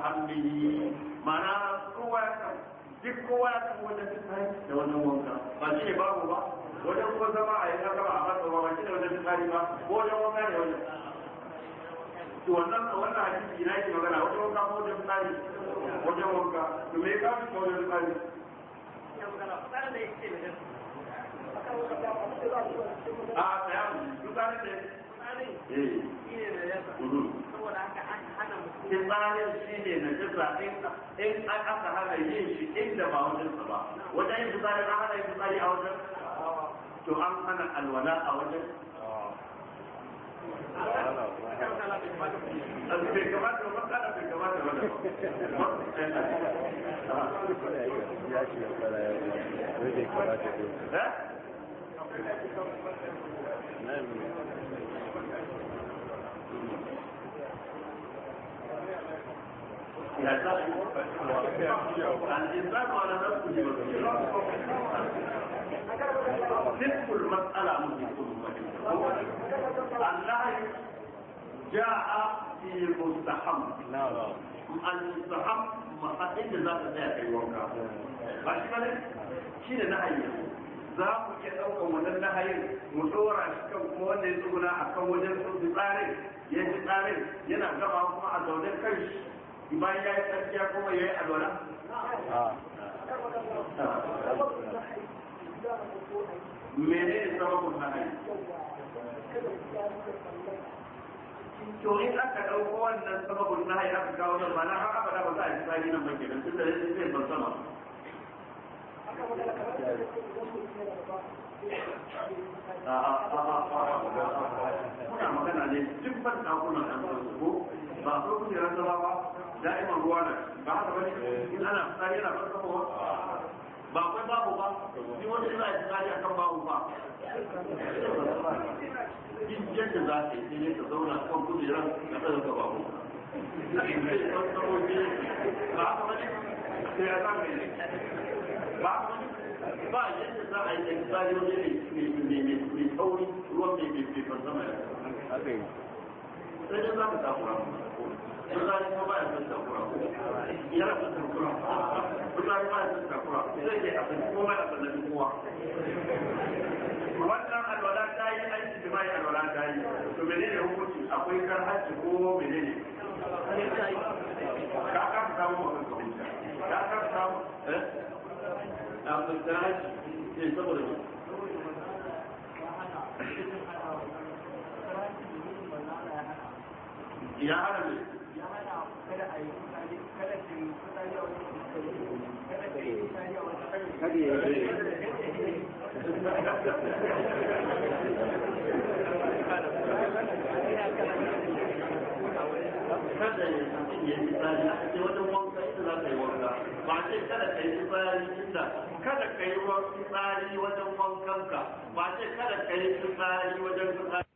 hamlihi mana kowa ya duk kowa ya wajen fitsari da wannan wanka ba shi ne babu ba wajen ko zama a yi haka ba a masa ba shi ne wajen fitsari ba ko wajen wanka ne wajen to wannan wannan hadisi ina yake magana wajen wanka ko wajen fitsari wajen wanka to me ka a tsaya mutane eh. ne mm-hmm. bayan shi ne na jisa in aka hana yin shi inda ba wajensa ba wajen yin an hana yin fitsari a wajen to an hana alwala a wajen نصف المسألة النهي جاء في المستحب المستحب محل ذات ذات الوقع ماشي كده شنو نهي za mu iya ɗaukan wannan nahayin mu ɗora shi kan kuma wanda ya tsuguna a kan wajen tsufi tsarin ya ji tsarin yana gaba kuma a zaune kan shi bayan ya yi tsakiya kuma ya yi zaune. mene ne sababin nahayi? to in aka ɗauko wannan sababin nahayi aka kawo da ba na haka ba za a ji tsari nan ba kenan tun da zai ban sama. muna magana ne duk ban ɗakunan an su ko ba so kuke rantsawa ba da'iman ruwa na ba haka bane in ana fitsari yana farkawa ba kai babu ba ni wani ina yi fitsari a kan babu ba yadda za ka yi ne ka zauna kan kujeran ka tsaya ka babu ba haka bane sai ya zama ne ba ba yadda za a yi da misali wajen mai mai mai fansama ya sai dai za ka takura mu Kuzari ma ba ya son takura, ya rabu takura, kuzari ma ya son takura, zai ke abin kuma ya son kowa. Wannan alwala ta yi aiki da mai alwala ta yi, to menene hukunci akwai karhaci ko menene? Ka ka samu ka ka ka ka samu, eh? kafin eh, ne saboda ne ya hana ne a cikin wajen wanka ba ce kada ka yi fitsari inda kada ka yi fitsari wajen wankanka ba ce kada ka yi fitsari wajen fitsari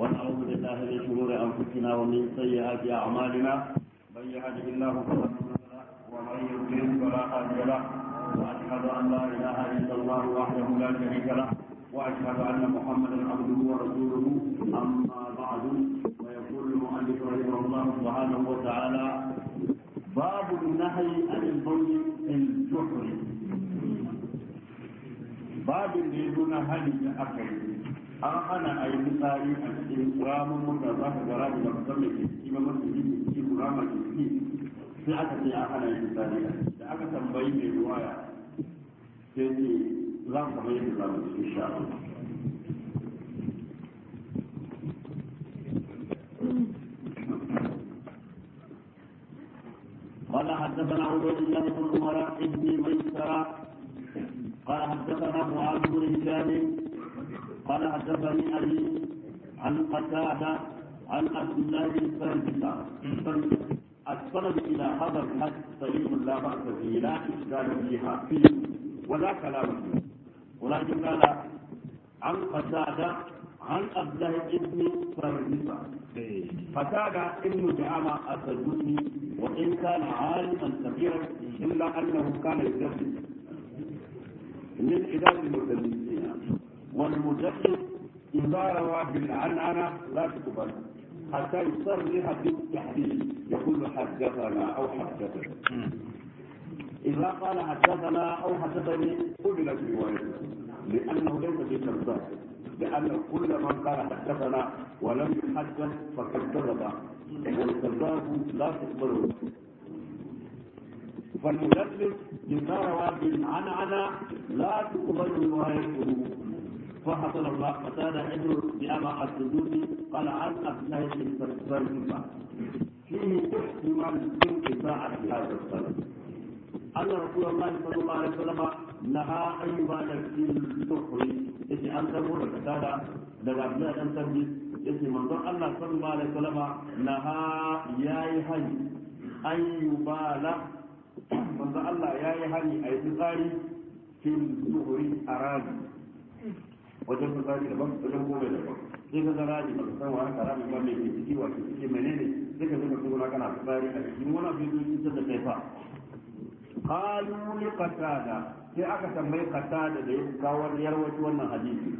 ونعوذ بالله من شرور أنفسنا ومن سيئات أعمالنا من يهده الله فلا مضل له ومن يضلل فلا هادي له وأشهد أن لا إله إلا الله وحده لا شريك له وأشهد أن محمدا عبده ورسوله أما بعد ويقول المؤلف رحمه الله سبحانه وتعالى باب النهي عن الظلم الجحر باب اللي دون هل أكل an hana a yi fitsari a cikin ramin muka za ka gara da cikin ciki sai aka ce an hana yi fitsari da aka tambayi mai ruwaya sai za mu da cikin قال حدثنا عبيد الله بن عمر ابن ميسره قال حدثنا معاذ بن هشام قال حدثني علي عن قتادة عن عبد الله بن فرد الطلب إلى هذا الحد صحيح لا بأس به لا إشكال فيها فيه ولا كلام فيه ولكن قال عن قتادة عن عبد الله بن فرد قتادة ابن دعامة السجوني وإن كان عالما كبيرا إلا أنه كان يدرس من عباد المتلمسين والمجدد إن ظهر بالعنعنة لا تقبل حتى يصرح بالتحديد يقول حدثنا أو حدثنا إذا قال حدثنا أو حدثني قبلت روايته لأنه ليس بكذاب لأن كل من قال حدثنا ولم يحدث فقد كذب والكذاب لا تقبله فالمدلس إذا روى بالعنعنة لا تقبل روايته فحصل الله قتادة عنده بأما قد تدوني قال عن أبنائي من فرسال الله فيه تحت ما من كل إباعة في هذا الصلاة أن رسول الله صلى الله عليه وسلم نهى أن يبالك في الكفر إذ أنت مر قتادة لدى أبناء أنت من إذ منظر الله صلى الله عليه وسلم نهى يا يحي أن يبالك منظر الله يا يحي أي تقاري في الكفر أراضي wajen zaji daban wajen gobe daban sai ka zara ji baka san wani karami ba mai ke ciki wa ke ciki menene sai ka zama tsoro kana fitsari a cikin wani abu yake cutar da kai fa qalu li qatada sai aka tambayi qatada da ya kawo yarwaci wannan hadisi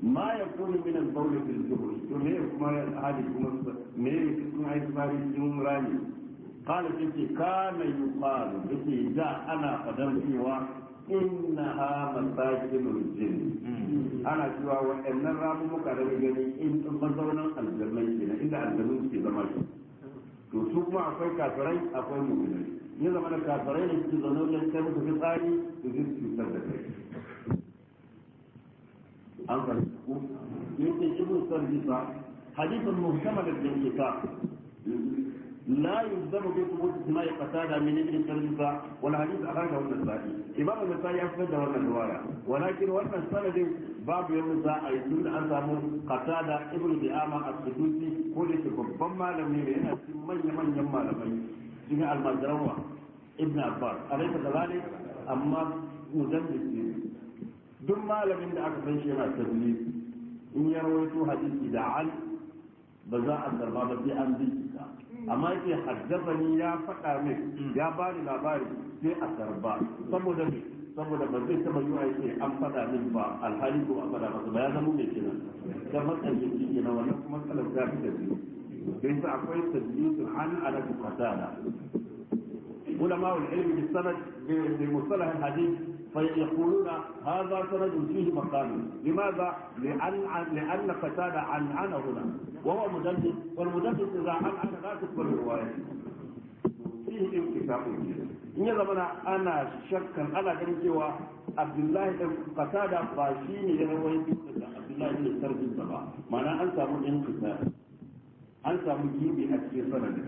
ma yakunu min al-bawl fil zuhur to me kuma hadisi kuma me kuma ai fitsari cikin rani قال كنت كان يقال بك ذا انا قدرت innaha masakinul jin ana cewa waɗannan ramuka da gani in mazaunan aljannai kenan inda aljannun suke zama shi to su kuma akwai kafirai akwai mu'minai ya zama da kafirai ne suke zama wajen kai musu fitsari su zai cutar da kai an fahimci ku yake ibn sarjisa hadithun muhammad da yake ka لا يلزم بثبوت اسماء قتادة من ابن ترجفة والحديث أخرجه النسائي إمام النسائي أفسد هذا الرواية ولكن وزن السند باب يوم الساعة يسود أنه قتادة ابن دعامة السدوسي كل شكر فما لم يمين من يمن يما لم يمين المجروة ابن عباس أليس كذلك أما مدرس duk malamin لم aka أكثر شيء yana tadlis إن ya حديث hadisi da al ba za a amma yake haddabani ya faɗa min ya ni labari sai a karba saboda me saboda ba zai taba yiwa yake an faɗa min ba alhali ko a faɗa masa ba ya zama mai kenan da matsayin shi kenan wannan kuma matsalar ta fi tafi sai sa akwai tajlisul an ala fasada ulama ul ilmi bi sanad bi musalah hadith فيقولون هذا سند فيه مقال لماذا؟ لأن لأن قتادة عن هنا وهو مدلس والمدلس إذا عن لا تقبل الرواية فيه انكسار in ya zama ana shakkan ana ganin cewa abdullahi dan fasada ba shi ne ya rawar da abdullahi ne sarfin sa ba ma'ana an samu ɗin kusa an samu gibi a cikin sanadi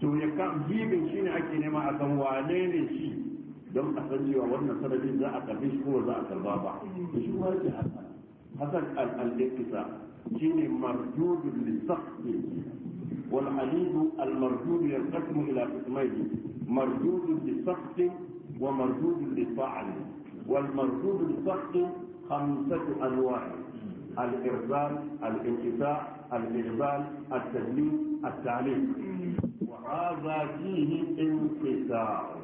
to ya ka gibin ake nema a san wane ne shi don a san cewa wannan sanadin za a karbi shi kuma za a karba ba da shi kuma yake hasan al iqsa shine marjudul lisaqi wal halidu al-marjud yanqasmu ila qismayn marjudul lisaqi wa marjudul lifa'l wal marjudul lisaqi خمسة أنواع الإرسال الانتفاع الإقبال التدليل التعليم وهذا فيه انقطاع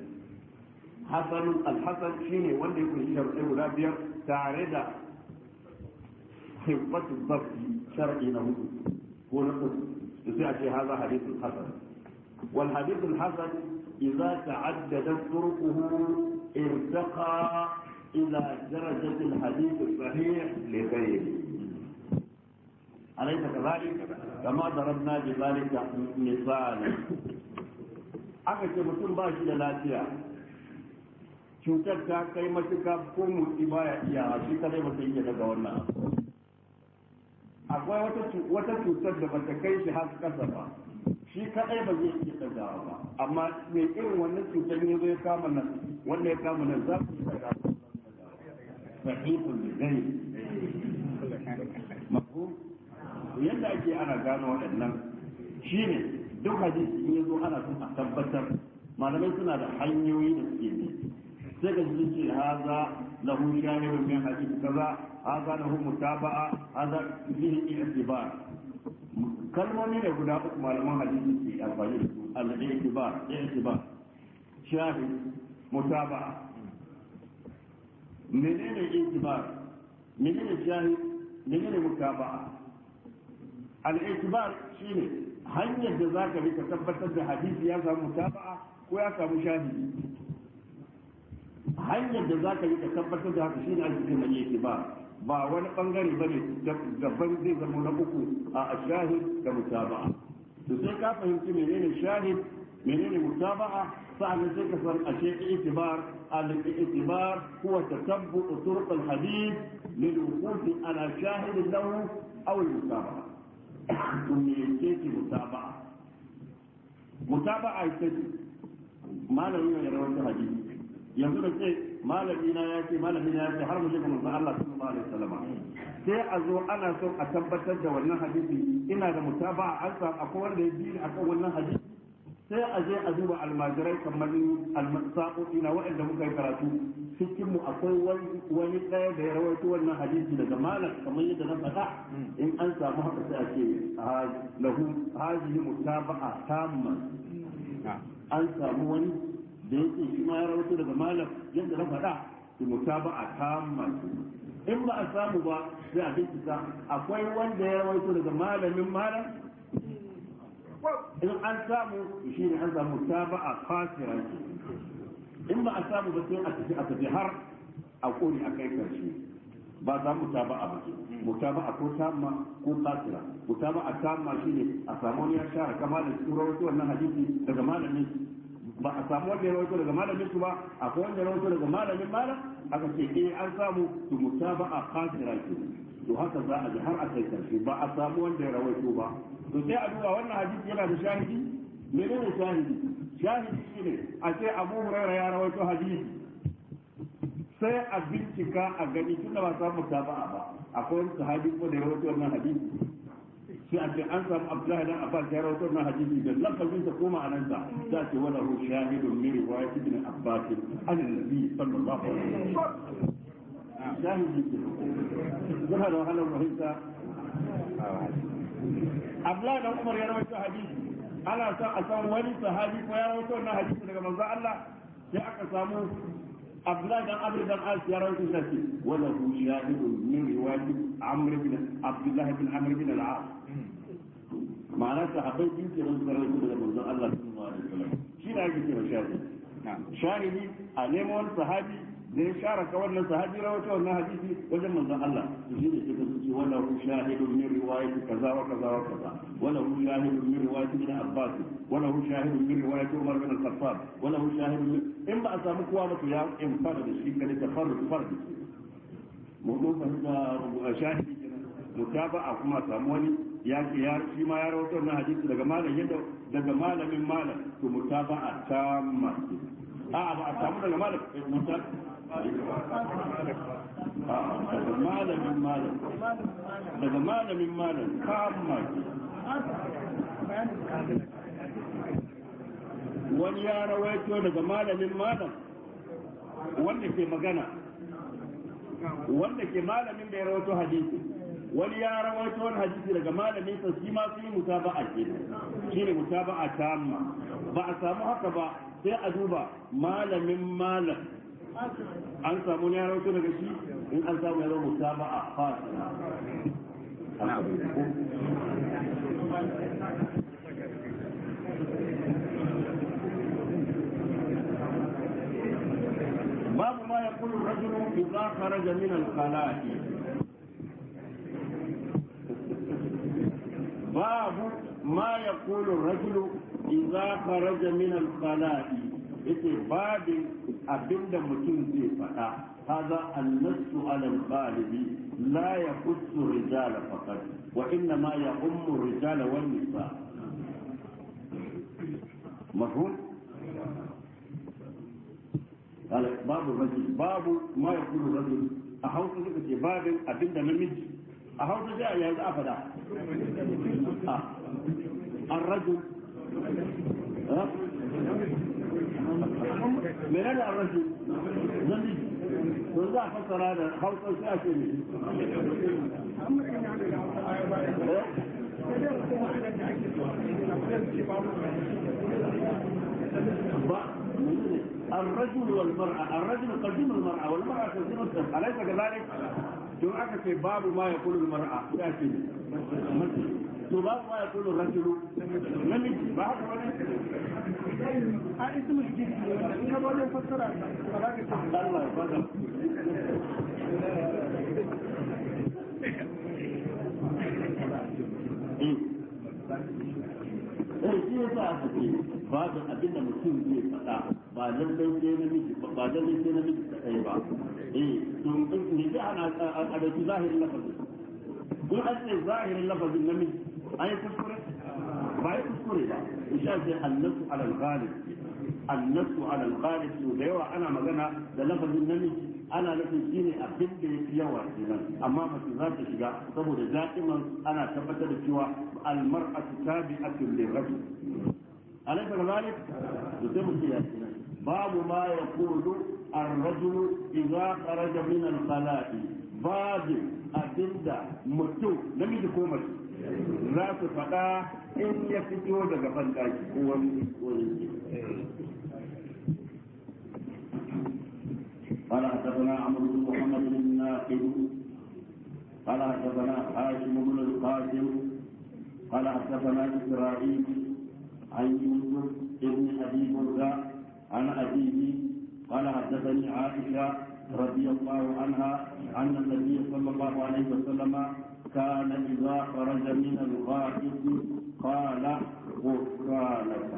hasanun alhasan shine wanda ya kunshi sharuɗai guda biyar tare da hibbatu zafi shar'i na hudu ko na uku da sai a ce haza hadithul hasan wal hadithul hasan idza ta'addadat turuquhu irtaqa ila darajati al hadith sahih li kama ce mutum ba shi da lafiya cutar ta kai matuka ko motsi baya iya shi ta ba ta iya daga wannan akwai wata cutar da bata kai shi har kasa ba shi kadai ba zai iya daga ba amma mai irin wannan cutar ne zai kama nan wanda ya kama nan za ku yi dagawa sahihun ligai mafu yadda ake ana gano waɗannan ne duk hadisi in ya zo ana son a tabbatar malamai suna da hanyoyi da suke bi sai ka ji ce haza lahu shahidu min hadith kaza haza lahu mutaba'a haza bihi i'tibar kalmomi ne guda uku malaman hadisi ke amfani da su itibar i'tibar shahid mutaba'a menene i'tibar menene shahid menene mutaba'a al-i'tibar shine hanyar da zaka bi ka tabbatar da hadisi ya samu mutaba'a ko ya samu shahidi hanyar da za ka yi ka tabbatar da haka shi ne ake jin yake ba ba wani bangare ba ne gaban zai zama na uku a shahid da mutaba'a to sai ka fahimci menene shahid menene mutaba'a sa'an sai ka san ashe itibar al-itibar huwa tatabbu turuq al-hadith lil wuquf ala shahid lahu aw al-mutaba'a to me yake mutaba'a mutaba'a ita ce malamin ya rawaita hadisi yanzu da ce malami na ya ce malami na ya ce har mu shiga manzon Allah sallallahu alaihi wasallam sai a zo ana son a tabbatar da wannan hadisi ina da mutaba an a akwai wanda ya a akan wannan hadisi sai a je a duba almajirai kamar almasa'o'i na waɗanda muka yi karatu cikin mu akwai wani ɗaya da ya rawaito wannan hadisi daga malam kamar yadda na faɗa in an samu haka sai a ce lahu hazihi mutaba'a tamman an samu wani da yake shi ma ya rawaito daga malam yadda na faɗa to mutaba'a tamma in ba a samu ba sai a bincika akwai wanda ya rawaito daga malamin malam in an samu shi ne an samu mutaba'a fasira in ba a samu ba sai a tafi a tafi har a kone a kai karshe ba za mu ta ba a baki mu ta ba a ko tamma ko kasira mu ta ba a tamma ne a samu ya share kamar da turo wannan hadisi daga malamin ba a samu wanda ya rawaito daga malamin su ba A ko wanda ya rawaito daga malamin malam aka ce eh an samu to a qasira ke to haka za a ji har a kai karshe ba a samu wanda ya rawaito ba to sai a duba wannan hadisi yana da shahidi menene shahidi shahidi shine a ce Abu Hurairah ya rawaito hadisi sai a bincika a gani tunda ba samu mutaba'a ba akwai wani sahabi ko da ya rawaito wannan hadisi sai a ce an samu abdullahi dan abbas ya rawaito na hadisi da lafazin sa ko ma'anar sa za ce wala hu shahidun min riwayat ibn abbas an nabi sallallahu alaihi wasallam yana da abdullahi dan umar ya rawaito hadisi ana a san wani sahabi ko ya rawaito na hadisi daga manzo Allah sai aka samu Abdullahi dan Amr dan As ya rawaito shi wala hu shahidun min riwayat Amr bin Abdullah bin Amr bin al-As ma'ana a biyu ke don suka rawaito daga manzon Allah sallallahu alaihi wasallam shi ne ake cewa shahidi shahidi a nemo wani sahabi da ya sharaka wannan sahabi rawaita wannan hadisi wajen manzon Allah to shi ne sai ka ce wala hu shahidu min riwayati kaza wa kaza wa kaza wala hu shahidu min riwayati ibn Abbas wala hu shahidu min riwayati Umar bin Al-Khattab wala hu shahidu in ba a samu kowa ba to ya in fara da shi kada ta farru farru mu mun da shahidi mutaba'a kuma samu wani ya ce ya shi ma ya rawato na hadisi daga malam yadda daga malamin malam to mutaba'a ta masu a'a ba a samu daga malam eh, daga malamin malam daga malamin malam kama wani ya rawaito daga malamin malam wanda ke magana wanda ke malamin da ya rawaito hadisi wani ya rawaito wani hadisi daga malamin sa shi ma sai mutaba'a ke shine mutaba'a tamma ba a samu haka ba sai a duba malamin malam an samu ne ya rawaito daga shi in an samu ya zama mutaba'a fasila باب ما يقول الرجل إذا خرج من الخلاء باب ما يقول الرجل إذا خرج من الخلاء yake babin abinda mutum zai faɗa haza annasu alal galibi la ya kusu rijala faqat wa ma ya ummu rijala wan nisa mafhum قال باب الرجل باب ما يقول الرجل أحوص لك باب أبدا أهو تزال يا أفدا آه. الرجل من هذا الرجل زميل وإذا فصل هذا خوف الكافرين الرجل والمرأة الرجل قديم المرأة والمرأة قديم الطفل أليس كذلك؟ don aka ce babu ma ya kulul mar'a ya ce to babu ma ya kulul rajulu namiji ba haka wani a ismul jinsi in ka bada fassara ba ka ce Allah Eh, shi yasa babu abin da mutum zai faɗa ba lallai sai miji ba lallai sai namiji kai ba eh to ne ga ana a da zahirin lafazin ko an ce zahirin lafazin miji ai kuskure ba ai kuskure ba insha Allah annasu ala al-ghalib annasu ala al-ghalib to da yawa ana magana da lafazin miji ana nufin ne abin da yafi yawa kenan amma mace za ta shiga saboda da'iman ana tabbatar da cewa al-mar'atu tabi'atun lirajul أليس كذلك؟ يتم القياس باب ما يقول الرجل إذا خرج من الخلاء باب أبدا متو لم يكن مجد لا تفقى إن يفتو fito daga bandaki ko wani قال حدثنا عمرو بن محمد بن ناقد قال حدثنا هاشم بن القاسم قال حدثنا اسرائيل عن يوسف بن ابي برده عن ابيه قال حدثني عائشه رضي الله عنها ان عن النبي صلى الله عليه وسلم كان اذا خرج من الغائط قال غفرانك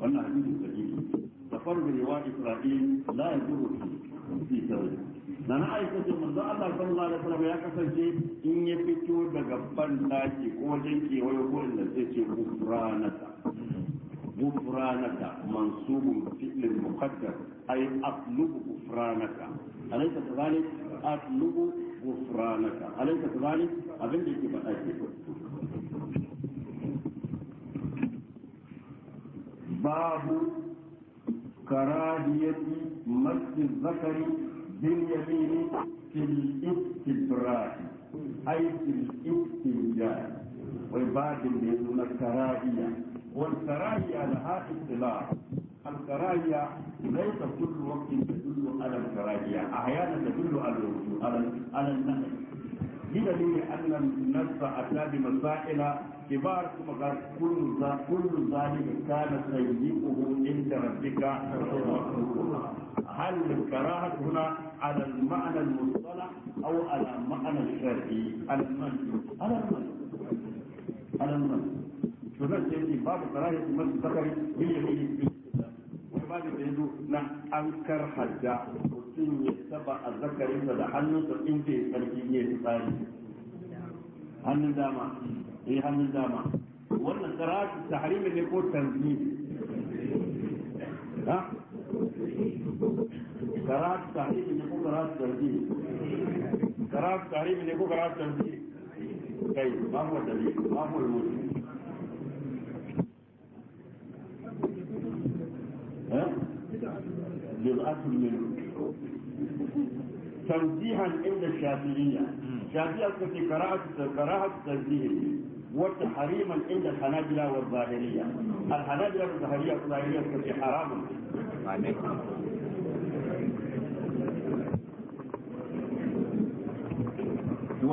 قلنا حديث سليم تفرد روايه اسرائيل لا يجوز في سوره nana aiko ce manzo Allah sallallahu alaihi wasallam ya kasance in ya fito daga bandaki ko wajen kewaye ko inda zai ce gufranaka gufranaka mansubun fi'lin muqaddar ay atlubu gufranaka alaysa kadhalik atlubu gufranaka alaysa kadhalik abin da yake faɗa ke babu karadiyati masjid zakari باليمين في الاستبراء أي في الاستنجاء ويبادل بأنه الكراهية والكراهية لها اصطلاح الكراهية ليس كل وقت تدل على الكراهية أحيانا تدل على الوجوب على على النهي بدليل أن النص أتى بمسائل كبار ثم قال كل كل ذلك كان سيئه عند ربك هل الكراهة هنا على المعنى المصطلح أو على المعنى الشرعي على المن على المن على المن شوفان سيدي باب كراهية المن الذكري باليمين وبعد سيدو نعم أنكر حجة mutum ya taba a zakarinsa da hannunsa in zai sarki ne fitsari hannun dama eh hannun dama wannan karatu tahrimi ne ko tanzimi ha قراءة تحريف اللي يكون قراءة ترتيب قراءة تحريف اللي يكون طيب ما هو الدليل ما هو الوجه ها جزءات منه توزيعا عند الشافعية شافعية في قراءة قراءة التنزيه وتحريما عند الحنابلة والظاهرية الحنابلة والظاهرية والظاهرية في حرام عليكم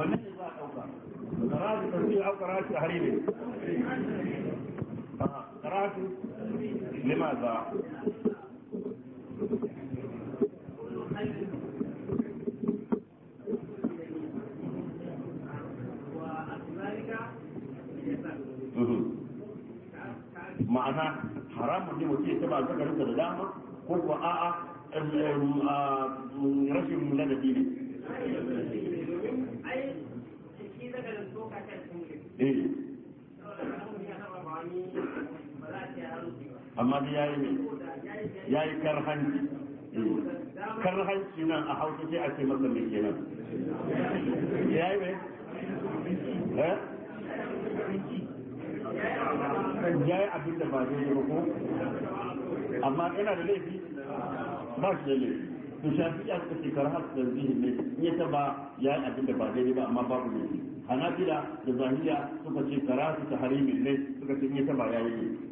wannan ne za a ɗauka karatu tafsir au karatu hariri karatu limaza ma'ana haramun ne mutum ya taba zakarinsa da dama ko kuwa a'a amma da yayi ne karhanci eh, karhanci nan a hausa sai a ce masa me kenan yayi ne eh? abin da ba zai yi ko amma ina da laifi ba shi da laifi to shafi'a suka ce karhat da zihin ne ya taba abin da ba daidai ba amma babu laifi hanabila da zahiriya suka ce karatu ta harimin ne suka ce ya taba yayi ne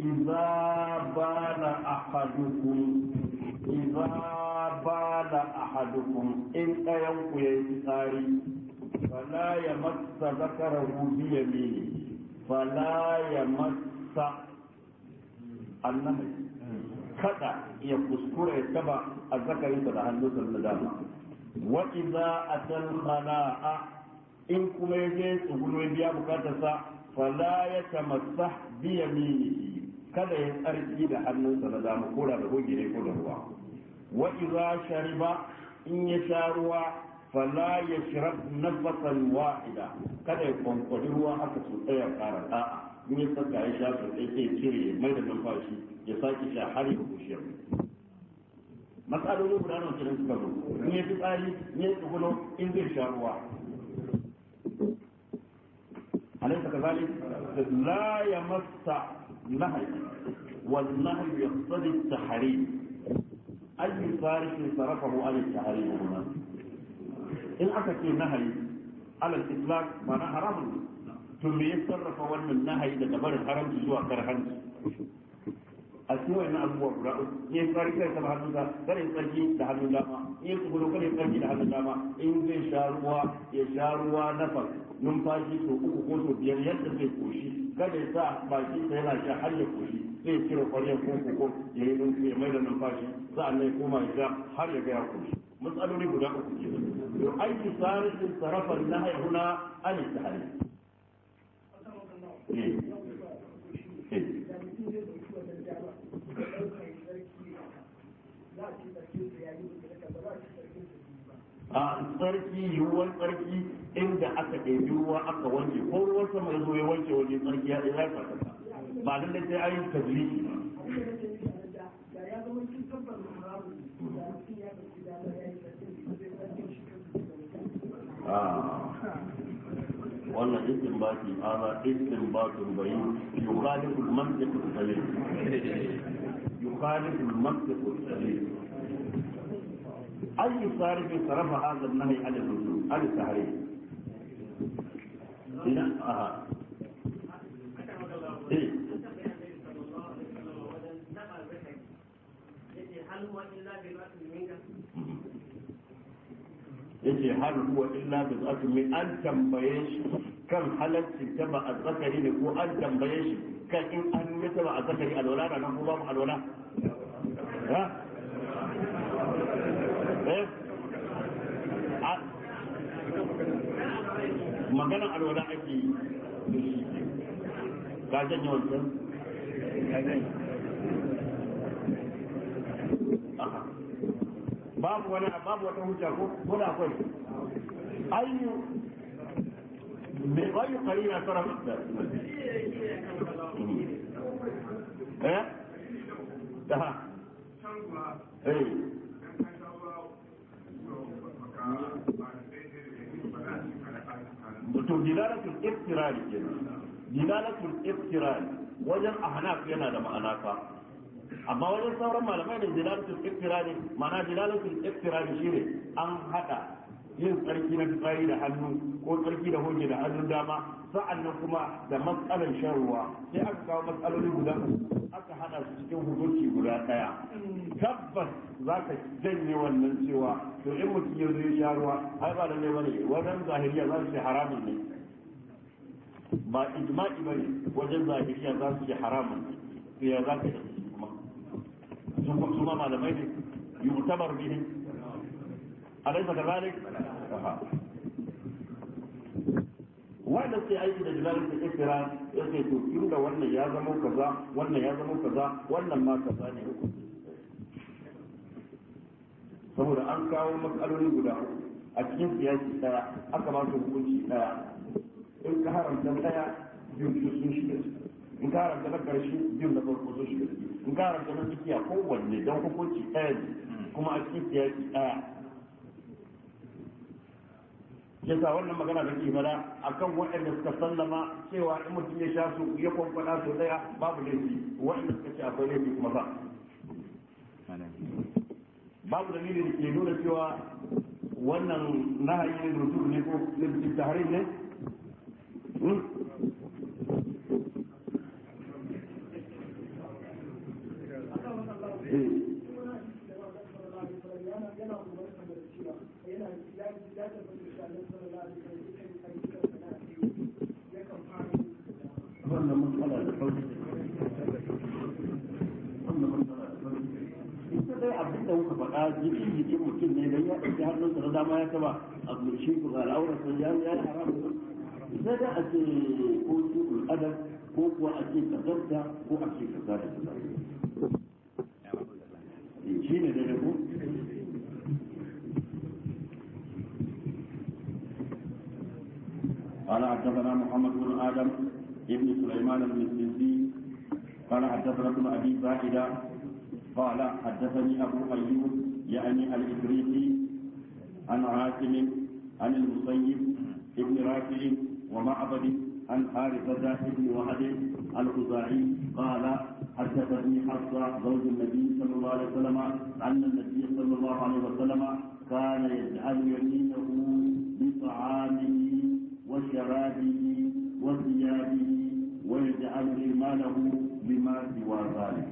إذا بال أحدكم إذا بال أحدكم إن أيوك يتاري فلا يمس ذكره بيمينه فلا يمس النهي kada ya kuskura ya taba a zakarinsa da hannunsa na dama wa idza atal khala'a in kuma ya je biya bukatarsa fala ya bi yaminihi kada ya tsarki da hannunsa na dama ko da goge ne ko da ruwa wa idza shariba in ya sha ruwa fala yashrab nafsan wahida kada ya kwankwadi ruwa haka su tsaya fara da in ya saka ya sha su sai sai cire mai da numfashi ya saki sha har ya kushe masalolin guda nan kiran suka zo in ya fi tsari in ya tsugulo in zai sha ruwa alaisa kazalik la ya masta نهي والنهي يقتضي التحريم اي فارق صرفه عن التحريم هنا ان أتت النهي على الاطلاق معناها حرام ثم يتصرف وأن النهي إذا دبر الحرام سوى كرهنس أسوأ إن أبو أبو إن فارق ليس بحد الله بل يفرجي لحد الله إن تقولوا كل يفرجي لحد الله إن يشاروا يشاروا نفر numfashi to uku ko to biyar yadda zai kada ya sa baki sa yana sha har ya koshi zai cire kwaryar koko ya yi nufi ya mai da numfashi sa'an nan koma ya har ya ga ya koshi matsaloli guda uku ke to aiki sarisin sarrafa na haihuna an istihari a tsarki yiwuwar tsarki inda aka ɗebi ruwa aka wanke ko ruwan sama ya zo ya wanke waje tsarki ya ɗaya ya farfasa ba nan da sai a yi tajliki ba. Ah, wannan istinbati ala istinbatun bayi yukhaliful mantiqul salim yukhaliful mantiqul salim أي صارف صرف هذا النهي عن الرسول عن التحريم هنا آه. yace har huwa illa bi zakmi an tambaye shi kan halarci ta ba azzakari ne ko an tambaye shi kan in an yi ta ba azzakari alwala da nan ko babu alwala maganan alwala ake yi ka janye wancan babu wani babu wata hujja ko ko da akwai ayyu bi ayyu qarina sarf eh ta eh to dilalatul iftirari kenan dilalatul iftirari wajen ahnaf yana da ma'ana fa amma wajen sauran malamai da dilalatul iftirari ma'ana dilalatul iftirari shine an hada yin tsarki na fitsari da hannu ko tsarki da hoge da hannun dama sa'annan kuma da matsalar shan ruwa sai aka kawo matsaloli guda aka hada su cikin hukunci guda daya tabbas za ka janye wannan cewa to in mutum ya zo ya sha ruwa ai ba lalle bane wannan zahiriya za su ce haramun ne ba ijma'i bane wajen zahiriya za su ce haramun ne ya za ka yi kuma su ma malamai ne yutabar bihin أليس كذلك؟ wanda sai aiki da jinarin da kira ya ce to kin da wannan ya zama kaza wannan ya zama kaza wannan ma kaza ne saboda an kawo matsaloli guda a cikin siyasi daya aka ba su hukunci daya in ka haramta daya biyu sun shiga in ka haramta na karshe biyun na farko sun shiga in ka haramta na tsakiya kowanne don hukunci daya ne kuma a cikin siyasi daya yasa wannan magana da ke fada akan waɗanda suka sallama cewa in mutum ya sha su ya kwamfana su daya babu laifi waɗanda suka ce akwai laifi kuma ba babu dalilin da ke nuna cewa wannan nahayi ne rusul ne ko ta harin ne you. Hmm? Eh. yana umarta da cewa yana ya ya tabbata da Allah sallallahu alaihi wasallam kan ayyukan sana'a ya kan fara wannan matsala da farko wannan da abin da kuka faɗa jikin jikin mutum ne da ya ɗauki hannunsa na dama ya taba a mulkin ku ga al'aurar sun ya ya haramu sai da a ce ko su ko kuwa a ce kazarta ko a ce kazarta حدثنا محمد بن ادم ابن سليمان بن السندي قال حدثنا ابن ابي زائده قال حدثني ابو ايوب يعني الافريقي عن عاصم عن المصيب ابن راكع ومعبد عن حارثة بن وهب الخزاعي قال حدثني حفصة زوج النبي صلى الله عليه وسلم أن النبي صلى الله عليه وسلم كان يجعل يمينه بطعامه وشرابه وثيابه ويجعل الماله لما سوى ذلك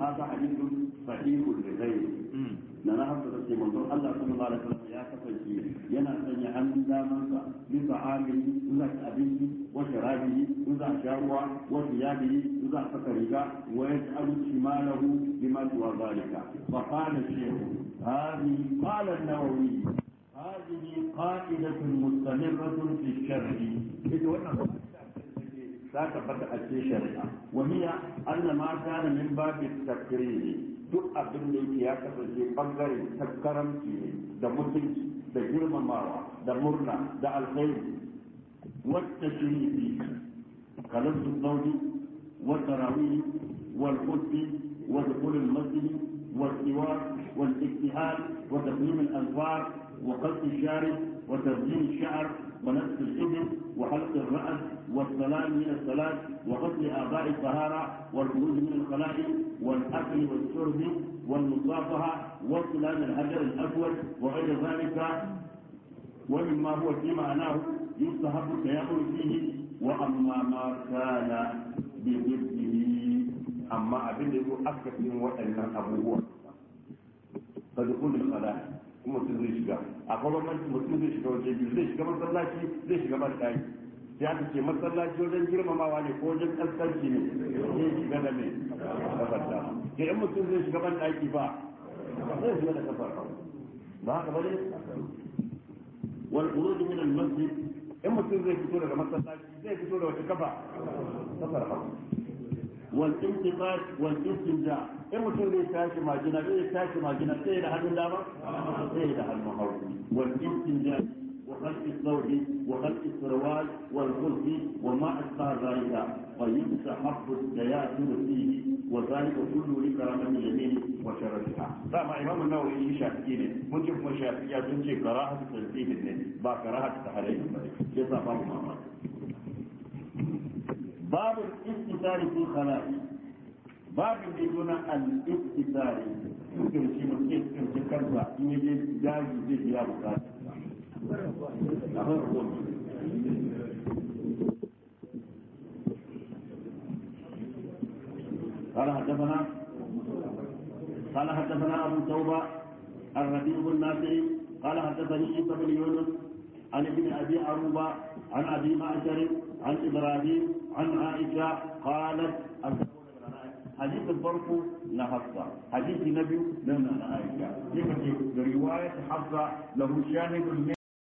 هذا حديث صحيح لغيره na na haka da manzon Allah sallallahu alaihi wasallam ya kasance yana sanya hannun damansa min ta'amin zuwa abinci wa sharabihi a sharuwa wa thiyabihi zuwa saka riga wa yaj'alu shimalahu bima tuwa zalika fa qala shaykh hadhi qala an هذه قاعدة مستمرة في الشرع ذاك قد أتي شرعا وهي أن ما كان من باب التكريم duk abin da yake ya kasance ta karamci ne da mutunci da girmamawa da murna da alkhairi wata shirifi kalar zuzzauri wata rawi wal kudi wal kulin masjidi wal siwa wal iktihal wa taqlim al anfar وقص الشارب وتبديل الشعر ونفس الحجر وحلق الرأس والسلام من الصلاة وقتل آباء الطهارة والخروج من الخلاء والأكل والشرب والمصافحة واستلام الحجر الأسود وغير ذلك ومما هو في معناه يستحب التيمم فيه وأما ما كان بضده أما أبن يقول أكثر من وأن أبوه فدخول الخلاء mutum zai shiga a mai mutum zai shiga wajen biyu zai shiga masallaci zai shiga masallaci ya ta ce masallaci wajen girmamawa ne ko wajen kaskanci ne zai shiga da mai kafar dama ke in mutum zai shiga ban ɗaki ba zai shiga da kafar ba haka ba ne wal khuruj min al masjid in mutum zai fito daga masallaci zai fito da wata kafa kafar hagu wal intifat wal istinja in mutum zai tashi majina zai tashi majina sai da hannun dama sai da hannun hagu wal istinja وخلق الزوج وخلق السروال والخلق وما أتبع ذلك ويستحب التياسر فيه وذلك كله لكرامة اليمين وشرفها. فما إمام النووي شافعي من شوف مشافعية من شوف كراهة تنزيل با كراهة تحريم يسا فهم باب الاستثار في خلاء باب اللي دون الاستثار يمكن شيء ممكن تكرر يجي جاي يجي يا بكات قال حدثنا قال حدثنا ابو توبه الربيع الناصري قال حدثني عيسى بن يونس عن ابن ابي عروبه عن ابي معشر عن إبراهيم عن عائشة قالت حديث البرق لحفصة حديث النبي لنا عائشة لكن رواية حفصة له شاهد